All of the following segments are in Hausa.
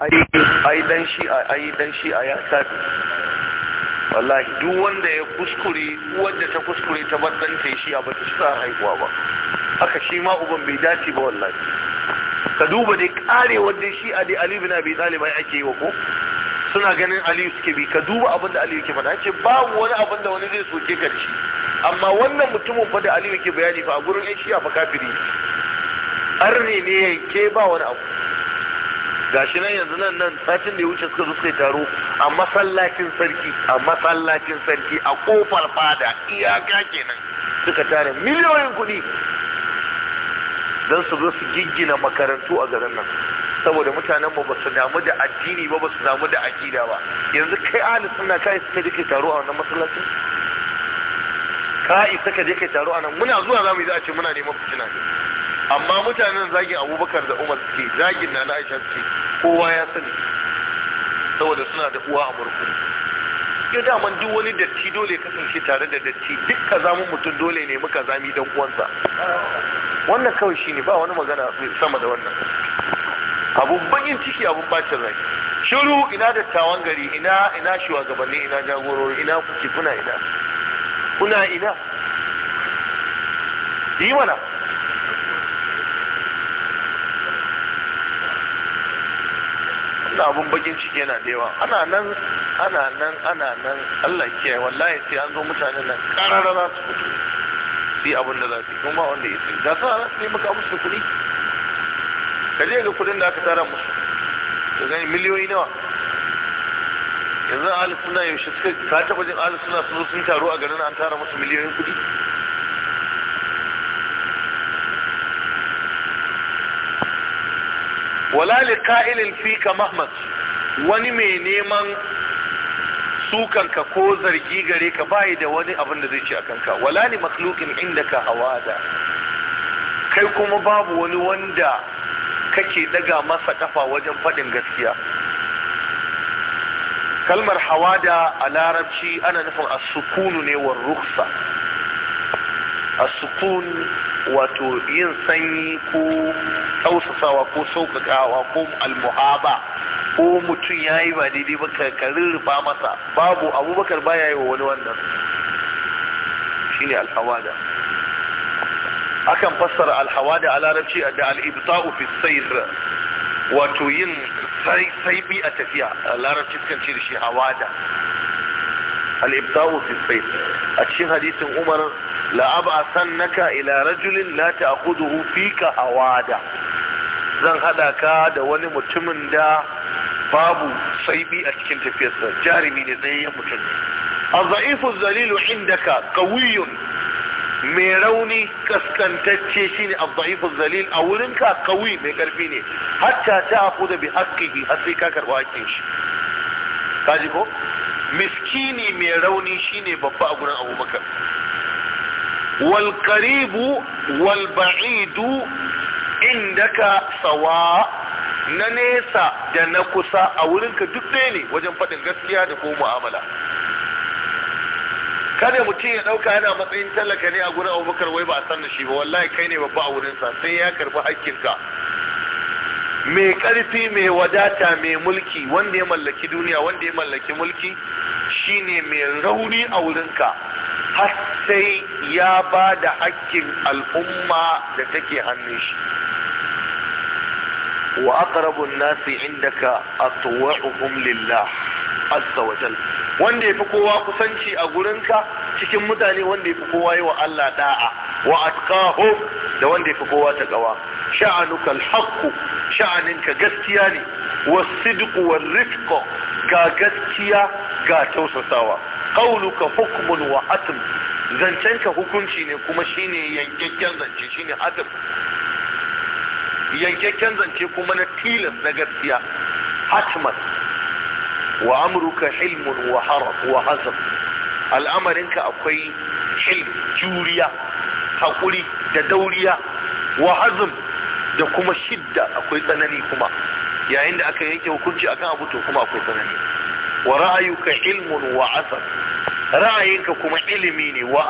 ai dan shi'a ai dan a ya tafi wallahi duk wanda ya kuskure wanda ta kuskure ta bar shi a shi'a ba haihuwa ba haka shi ma uban bai dace ba wallahi ka duba dai kare wanda shi a dai Ali bin Abi Talib ai ake yi wa ko suna ganin Aliyu suke bi ka duba abin da Aliyu ke faɗa ce babu wani abin da wani zai soke ka da shi amma wannan mutumin fa da Aliyu ke bayani fa a gurin shi a fa kafiri arne ne ke ba wani abu gashi nan yanzu nan nan satin da ya wuce suka zo suka taro a masallacin sarki a masallacin sarki a kofar fada iyaka kenan suka tare miliyoyin kuɗi don su zo su giggina makarantu a garin nan saboda mutanen ba su damu da addini ba ba su damu da akida ba yanzu kai ahli sunna kai suka je kai taro a wannan masallacin kai suka ka je kai taro a nan muna zuwa za mu yi za a ce muna neman fitina ne amma mutanen zagin abubakar da umar suke zagin na aisha suke kowa ya sani saboda suna da uwa a murku ya daman duk wani datti dole kasance tare da datti duk kazamin mutum dole ne muka zami dan uwansa wannan kawai shine ba wani magana sama da wannan abun bakin ciki abun bacin rai shiru ina dattawan gari ina ina shugabanni ina jagorori ina kuke kuna ina kuna ina yi mana wannan abun bakin ciki yana da yawa ana nan ana nan ana nan Allah ke wallahi sai an zo mutanen nan karara za su fito sai abin da za su yi kuma wanda ya sai da sa sai muka musu kuɗi ka je ga kuɗin da aka tara musu ka gani miliyoyi nawa yanzu ahli suna yaushe suka ka taɓa jin ahli suna sun taru a garin an tara musu miliyoyin kuɗi wala liqa'ilin fika mahmas wani mai neman sukanka ko zargi gare ka bai da wani abin da zai ci a kanka wala li makhluqin indaka hawada kai kuma babu wani wanda kake daga masa kafa wajen faɗin gaskiya kalmar hawada a larabci ana nufin asukunu ne wa ruksa asukun wato yin sanyi ko tausawa ko sauƙaƙawa ko almuhaba ko mutum ya yi ba daidai ba ka rurrufa masa babu abubakar ba ya yi wa wani wannan shine alhawada akan fassara alhawada a larabci da al'ibta'u fi sayr wato yin saibi a tafiya a larabci sukan ce da shi hawada al'ibta'u fi sayr a cikin hadisin umar la'aba sannaka ila rajulin la ta'khudhu fika hawada zan hada ka da wani mutumin da babu saibi a cikin tafiyarsa jarumi ne ya mutum azza'ifu zalilu indaka qawiyun mai rauni kaskantacce shine azza'ifu zalil a wurinka qawi mai karfi ne hatta ta aku da bi haqqihi har sai ka karba haƙƙin shi kaji ko miskini mai rauni shi ne babba a gurin abubakar wal qaribu wal ba'idu indaka sawa na nesa da na kusa a wurinka duk ɗaya ne wajen faɗin gaskiya da ko mu'amala kada mutum ya ɗauka yana matsayin talaka ne a gurin abubakar wai ba a san da shi ba wallahi kai ne babba a wurinsa sai ya karbi hakkinka mai ƙarfi mai wadata mai mulki wanda ya mallaki duniya wanda ya mallaki mulki shine mai rauni a wurinka har sai ya ba da hakkin al'umma da take hannun shi wa aqrabun nasi indaka atwa'uhum lillah azza wa jal wanda yafi kowa kusanci a gurinka cikin mutane wanda fi kowa yi wa Allah da'a wa atqahum da wanda yafi kowa taqwa sha'anuka alhaq sha'aninka gaskiya ne wasidq warifq ga gaskiya ga tausasawa qauluka hukmun wa atm zancenka hukunci ne kuma shine yankakken zance shine atm yankakken zance kuma na tilas na gaskiya hatman wa amurka hilmun wa al'amarinka akwai hil juriya haƙuri da dauriya wa hazm da kuma shidda akwai tsanani kuma yayin da aka yanke hukunci akan abu to kuma akwai tsanani wa ra'ayuka ilmun wa azar ra'ayinka kuma ilimi ne wa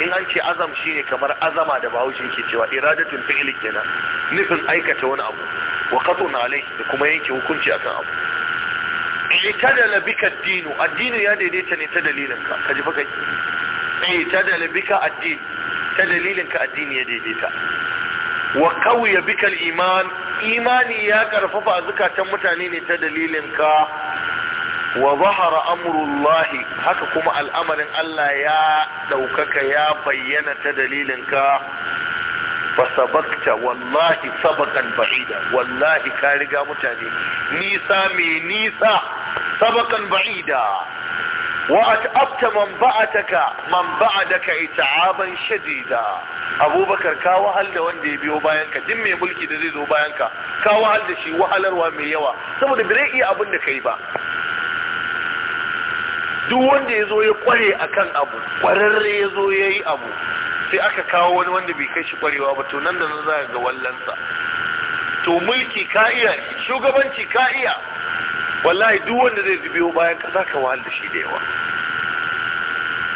in an ce azam shi ne kamar azama da bahaushe ke cewa iradatul fi'li kenan nufin aikata wani abu wa qatun alai da kuma yanke hukunci akan abu itadala bika addinu addini ya daidaita ne ta dalilin ka kaji fa kai itadala bika addini ta dalilin ka addini ya daidaita wa qawiya bika al-iman imani ya karfafa zakatan mutane ne ta dalilin ka wa zahara amrullahi haka kuma al'amarin Allah ya ɗaukaka ya bayyana ta dalilinka. ka fasabakta wallahi sabakan ba'ida wallahi ka riga mutane nisa mai nisa sabakan ba'ida wa at'abta man ba'ataka man ba'adaka ita'aban shadida abubakar ka wahal da wanda ya biyo bayan ka din mai mulki da zai zo bayan ka ka wahal da shi wahalarwa mai yawa saboda bai iya abin da kai ba duk wanda ya zo ya kware kan abu kwararre ya zo ya yi abu sai aka kawo wani wanda bai kai shi kwarewa ba to nan da nan za ga wallansa to mulki ka iya shugabanci ka iya wallahi duk wanda zai biyo bayan ka za ka wahal da shi da yawa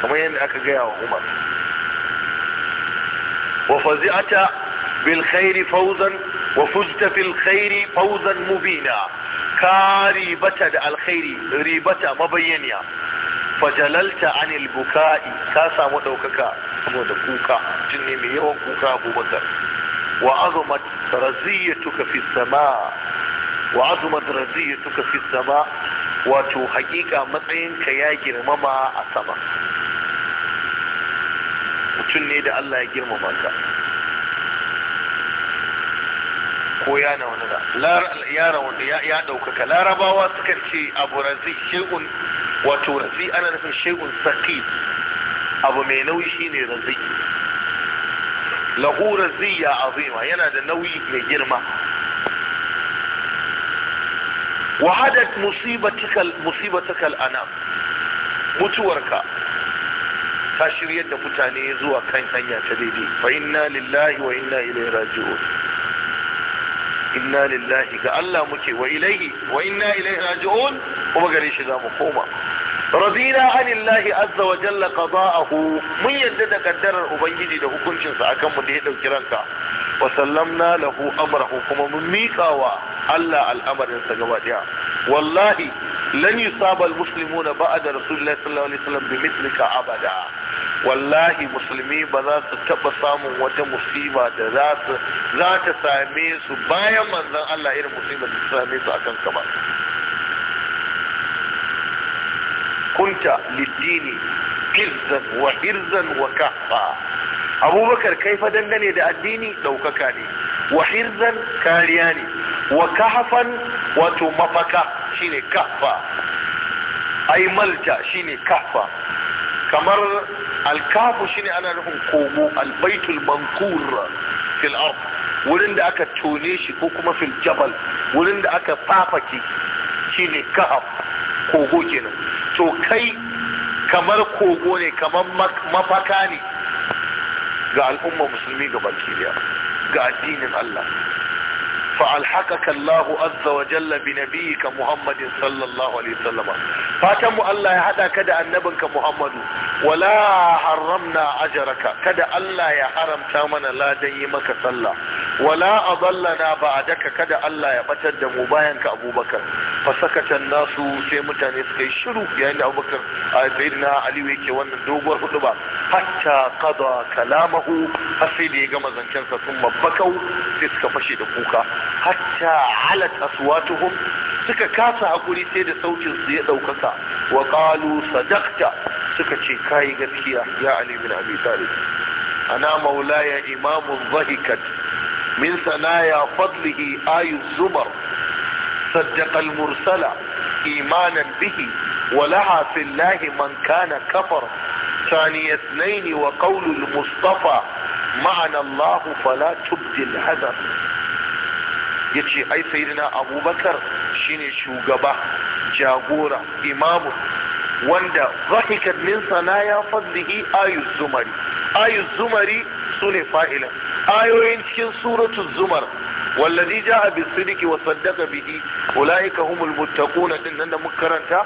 kamar yadda aka gaya wa umar wa fazi'ata bil khairi fawzan wa fujta fil khairi fawzan mubina ka ribata da alkhairi ribata mabayyaniya fajalalta anil buka'i ka samu ɗaukaka saboda kuka mutum ne mai yawan kuka abubakar wa azumat raziyatuka fi sama wa azumat raziyatuka fi sama wato hakika matsayinka ya girmama a sama mutum ne da Allah ya girmama ka ko ya na wani ya ɗaukaka larabawa sukan ce abu razi shi'un wato razi ana nufin shay'un saqil abu mai nauyi shine razi lahu raziya azima yana da nauyi mai girma wahadat musibatakal musibatikal anam mutuwarka ta shirya da mutane zuwa kan hanya ta daidai fa inna lillahi wa inna ilaihi raji'un inna lillahi ga Allah muke wa ilaihi wa inna ilaihi raji'un kuma gare shi mu koma Rabina anillahi azza wa jalla qada'ahu mun yadda da kaddarar ubangiji da hukuncinsa akan mu da ya dauki ranka wa sallamna lahu amrahu kuma mun wa Allah al'amarin sa gaba daya wallahi lan yusaba almuslimuna ba'da rasulillahi sallallahu alaihi wasallam bimithli abada wallahi musulmi ba za su taba samun wata musiba da za ta same su bayan manzon Allah irin musibar da ta same su akan ka ba kunta lidini izzan wa irzan wa kahfa abubakar kai dangane da addini ɗaukaka ne wa kariya ne wa wato mafaka shine kafa ai malta shine kahfa kamar alkafu shine ana nufin kogo albaitul mankur fil ard wurin da aka tone shi ko kuma fil jabal wurin da aka fafake shine kahf kogo kenan wato kamar kogo ne kamar mafaka ne ga al'umma musulmi ga bakiriya ga addinin Allah fa’alhaƙaƙa Allah azza wa jalla bi nabi ka Muhammadin sallallahu Alaihi sallama fatanmu Allah ya haɗa ka da annabinka Muhammadu wala haramna ajaraka kada Allah ya haramta mana ladan yi maka sallah wala a ballana ba a daka kada Allah ya ɓatar da mu bayanka abubakar fasakata nasu sai mutane suka yi shiru yayin da abubakar a aliyu yake wannan doguwar hudu ba hatta qada kalamahu har sai da ya gama zancensa sun mabbakau sai suka fashe da kuka hatta halat aswatuhum suka kasa hakuri sai da sautin su ya daukaka wa qalu sadaqta suka ce kai gaskiya ya ali bin abi talib ana maulaya imamun zahikat min sanaya fadlihi ayu zubar صدق المرسلة ايمانا به ولها في الله من كان كفر ثاني اثنين وقول المصطفى معنا الله فلا تبدي الحذر يتشي اي سيدنا ابو بكر شيني شو قبا امام واندا ضحكت من صنايا فضله اي الزمري اي الزمري سنة فائلة ايوين كن سورة الزمر wallazi ja'a bis-sidqi wa saddaqa bihi ulaika humul nan da muka karanta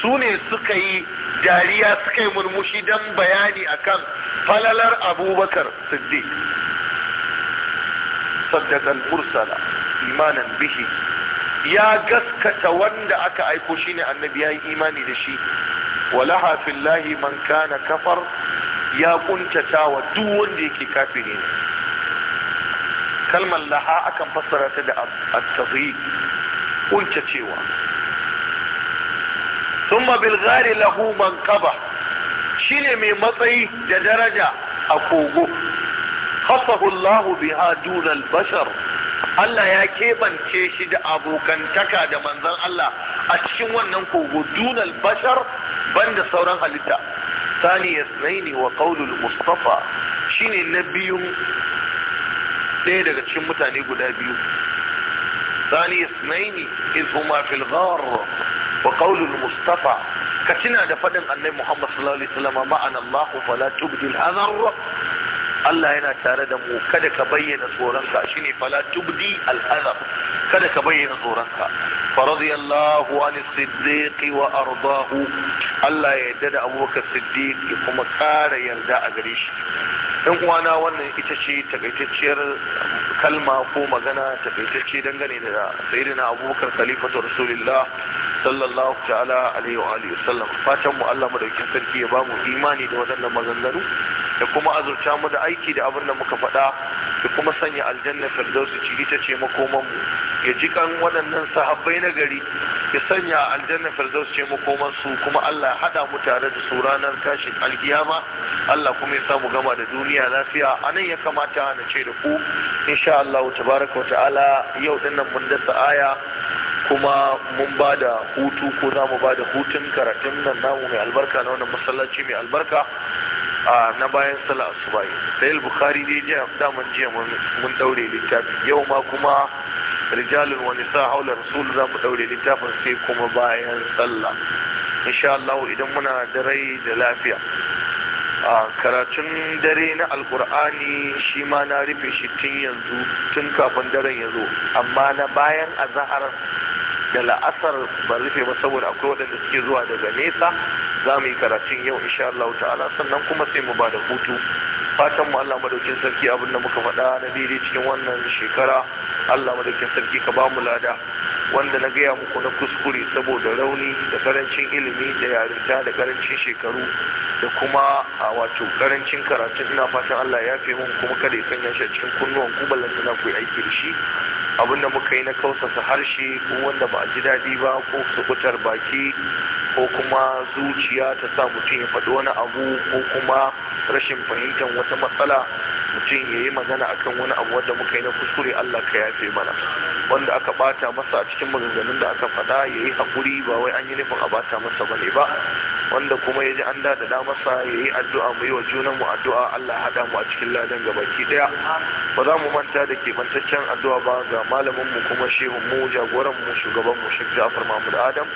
su ne suka yi dariya suka yi murmushi dan bayani akan falalar Abubakar Siddiq saddaqa al-mursala imanan bihi ya gaskata wanda aka aiko shi ne annabi ya yi imani da shi walaha fillahi man kana kafar ya kuntata wa duk wanda yake kafiri ne kalmar laha akan fassara ta da at-tazyi kunce cewa thumma bil ghari lahu shi shine mai matsayi da daraja a kogo khassahu Allah biha dun bashar Allah ya keɓance shi da abokantaka da manzon Allah a cikin wannan kogo dun bashar banda sauran halitta ثاني اثنين mustafa shine na النبي ɗaya daga cikin mutane guda biyu sani isnaini iz huma fil ghar wa qawlul mustafa ka tuna da faɗin annabi muhammad sallallahu alaihi wasallam an allah fala tubdil hadar Allah yana tare da mu kada ka bayyana tsoronka shine fala tubdi al kada ka bayyana tsoronka فرضي الله عن الصديق وارضاه الله يدد ابو بكر الصديق كما كان يرجع اغريش in uwana wannan ita ce takaitacciyar kalma ko magana takaitacce dangane da sayyidina abubakar khalifatu rasulullah sallallahu ta'ala alaihi wa alihi sallam fatan mu Allah madaukin sarki ya bamu imani da wadannan maganganu da kuma azurta mu da aiki da abin da muka faɗa da kuma sanya aljanna firdausi ci ita ce makoman mu ya ji kan waɗannan sahabbai na gari ya sanya aljanna firdausi ce makoman su kuma Allah ya haɗa mu tare da su ranar tashin alkiyama Allah kuma ya samu gama da duniya lafiya anan ya kamata na ce da ku insha Allah tabaraka wa ta'ala yau dinnan mun dasa aya kuma mun ba da hutu ko za mu ba da hutun karatun nan namu mai albarka na wannan masallaci mai albarka a na bayan sallah asuba sai bukhari dai jiya mun jiya mun daure littafi yau ma kuma rijalul wa nisa haula rasul za mu daure littafin sai kuma bayan sallah insha Allah idan muna da rai da lafiya a karatun dare na alkur'ani shi ma na rufe shi tun yanzu tun kafin daren ya zo amma na bayan azahar da la'asar ba rufe ba saboda akwai waɗanda suke zuwa daga nesa za mu yi karatun yau in insha Allah ta'ala sannan kuma sai mu ba da hutu fatan mu Allah madaukin sarki abin da muka faɗa na daidai cikin wannan shekara Allah madaukin sarki ka ba mu lada wanda na gaya muku na kuskure saboda rauni da karancin ilimi da yarinta da karancin shekaru da kuma a wato karancin karatu ina fatan Allah ya fi mun kuma kada ya sanya shi a cikin kunnuwan ku ballanta na ku aiki da shi abinda muka yi na kausasa harshe ko wanda ba a ji daɗi ba ko sukutar baki ko kuma zuciya ta sa mutum ya faɗi wani abu ko kuma rashin fahimtar wata matsala mutum ya yi magana a kan wani abu wanda muka yi na kuskure Allah ka yafe mana wanda aka bata masa a cikin maganganun da aka faɗa ya yi haƙuri ba wai an yi nufin a bata masa ne ba wanda kuma ya ji an dadada masa ya yi addu'a mu yi wa junan mu addu'a Allah haɗa mu a cikin ladan gabaki ɗaya ba za mu manta da keɓantaccen addu'a ba ga malamin mu kuma shehun mu jagoran mu shugaban mu Sheikh Ja'far Mahmud Adam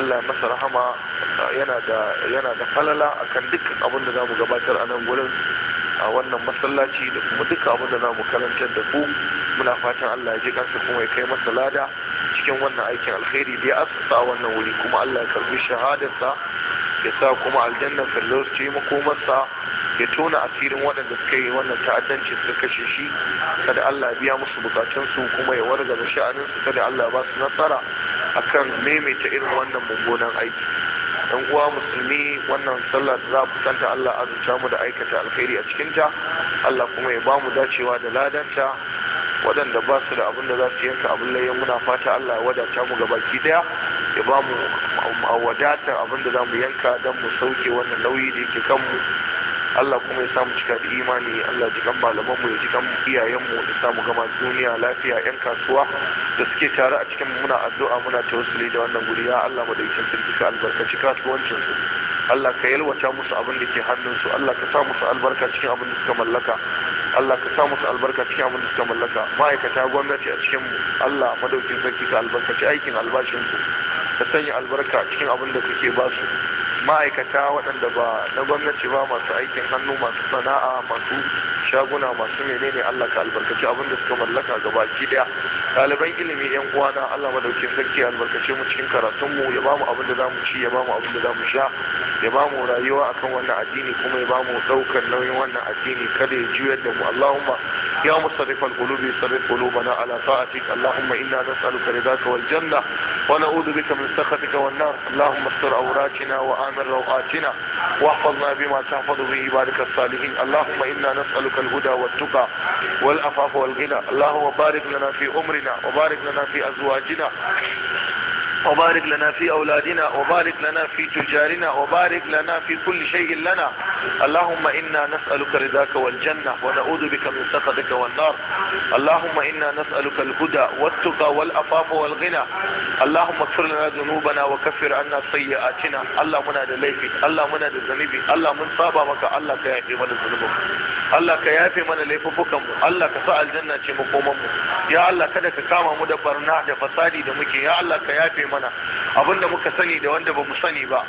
Allah masa rahama yana da yana da falala akan dukkan abin da za mu gabatar a nan gurin a wannan masallaci da kuma duka abin da mu karantar da ku muna fatan Allah ya ji kansa kuma ya kai masa lada cikin wannan aikin alkhairi da ya asasa wannan wuri kuma Allah ya karbi shahadarsa ya sa kuma aljanna firdaus yi makomarsa ya tona asirin waɗanda suka yi wannan ta'addanci suka kashe shi kada Allah biya musu bukatunsu kuma ya wargaza sha'aninsu kada Allah ba su nasara akan maimaita irin wannan mummunan aiki dan uwa musulmi wannan sallah za a kusanta Allah azuta mu da aikata alkhairi a cikinta Allah kuma ya bamu dacewa da ladanta waɗanda ba su da abin da za su yanka abin layyan muna fata Allah ya wadata mu ga baki daya ya bamu wadatar abin da za mu yanka don mu sauke wannan nauyi da yake kanmu Allah kuma ya samu cika da imani Allah jikan malaman mu ya jikan iyayen mu da samu gama duniya lafiya yan kasuwa da suke tare a cikin muna addu'a muna tawassuli da wannan guri ya Allah yake sarki ka albarkaci kasuwancin su Allah ka yalwata musu abin da ke hannunsu Allah ka sa musu albarka cikin abin da suka mallaka Allah ka sa musu albarka cikin abin da suka mallaka ma'aikata gwamnati a cikin mu Allah madaukin sarki ka albarkaci aikin albashin su ka sanya albarka cikin abin da kake ba su ma'aikata waɗanda ba na gwamnati ba masu aikin hannu masu sana'a masu shaguna masu menene Allah ka albarkaci abin da suka mallaka ga ki daya ɗaliban ilimi yan uwana Allah madaukin sarki albarkace mu cikin karatun mu ya bamu abin da mu ci ya bamu abin da mu sha ya bamu rayuwa akan wannan addini kuma ya bamu ɗaukar nauyin wannan addini kada ya juyar da mu Allahumma يا مصرف القلوب صرف قلوبنا على طاعتك اللهم إنا نسألك رضاك والجنة ونعوذ بك من سخطك والنار اللهم استر أوراقنا وآمن روآتنا واحفظنا بما تحفظ به عبادك الصالحين اللهم إنا نسألك الهدى والتقى والأفاف والغنى اللهم بارك لنا في أمرنا وبارك لنا في أزواجنا وبارك لنا في أولادنا وبارك لنا في تجارنا وبارك لنا في كل شيء لنا اللهم إنا نسألك رضاك والجنة ونعوذ بك من سخطك والنار اللهم إنا نسألك الهدى والتقى والأفاف والغنى اللهم اغفر لنا ذنوبنا وكفر عنا سيئاتنا الله منا da laifi Allah muna da zanibi Allah mun saba maka Allah ka yafe mana zunubin Allah ka yafe mana laifukan Allah ka sa aljanna ce mu koman ya Allah kada ka kama mu da barna da fasadi da muke ya Allah ka yafe mana mana abinda muka sani da wanda mu sani ba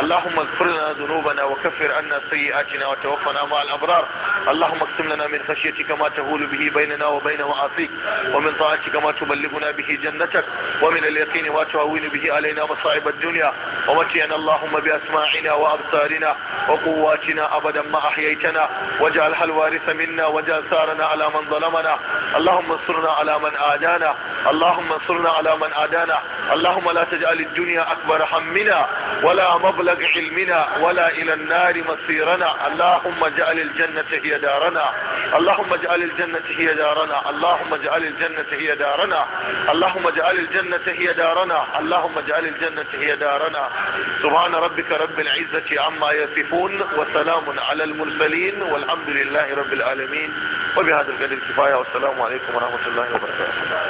Allahumma ighfir lana dhunubana wa kaffir anna sayyi'atina wa tawaffana ma'al abrar Allahumma iqsim lana min khashyatika ma tahulu bihi bainana wa bain ma'asik wa min ta'atika ma tuballighuna bihi jannatak wa min al-yaqin ma tuhawwinu bihi alayna masa'ib ad-dunya wa matina Allahumma bi asma'ina wa absarina wa quwwatina abadan ma ahyaytana waj'alha al-waritha minna waj'al sarana ala man ظلمنا اللهم انصرنا على من اللهم انصرنا على من اللهم ولا تجعل الدنيا اكبر همنا ولا مبلغ علمنا ولا الى النار مصيرنا اللهم اجعل الجنة هي دارنا اللهم اجعل الجنة هي دارنا اللهم اجعل الجنة هي دارنا اللهم اجعل الجنة هي دارنا اللهم اجعل الجنة هي دارنا سبحان ربك رب العزة عما يصفون وسلام على المرسلين والحمد لله رب العالمين وبهذا القدر كفاية والسلام عليكم ورحمة الله وبركاته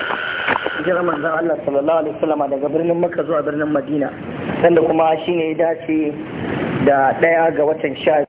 jira manzan Allah sallallahu alaihi wasallam daga birnin Makka zuwa birnin Madina sanda kuma shine ya dace da ɗaya ga watan sha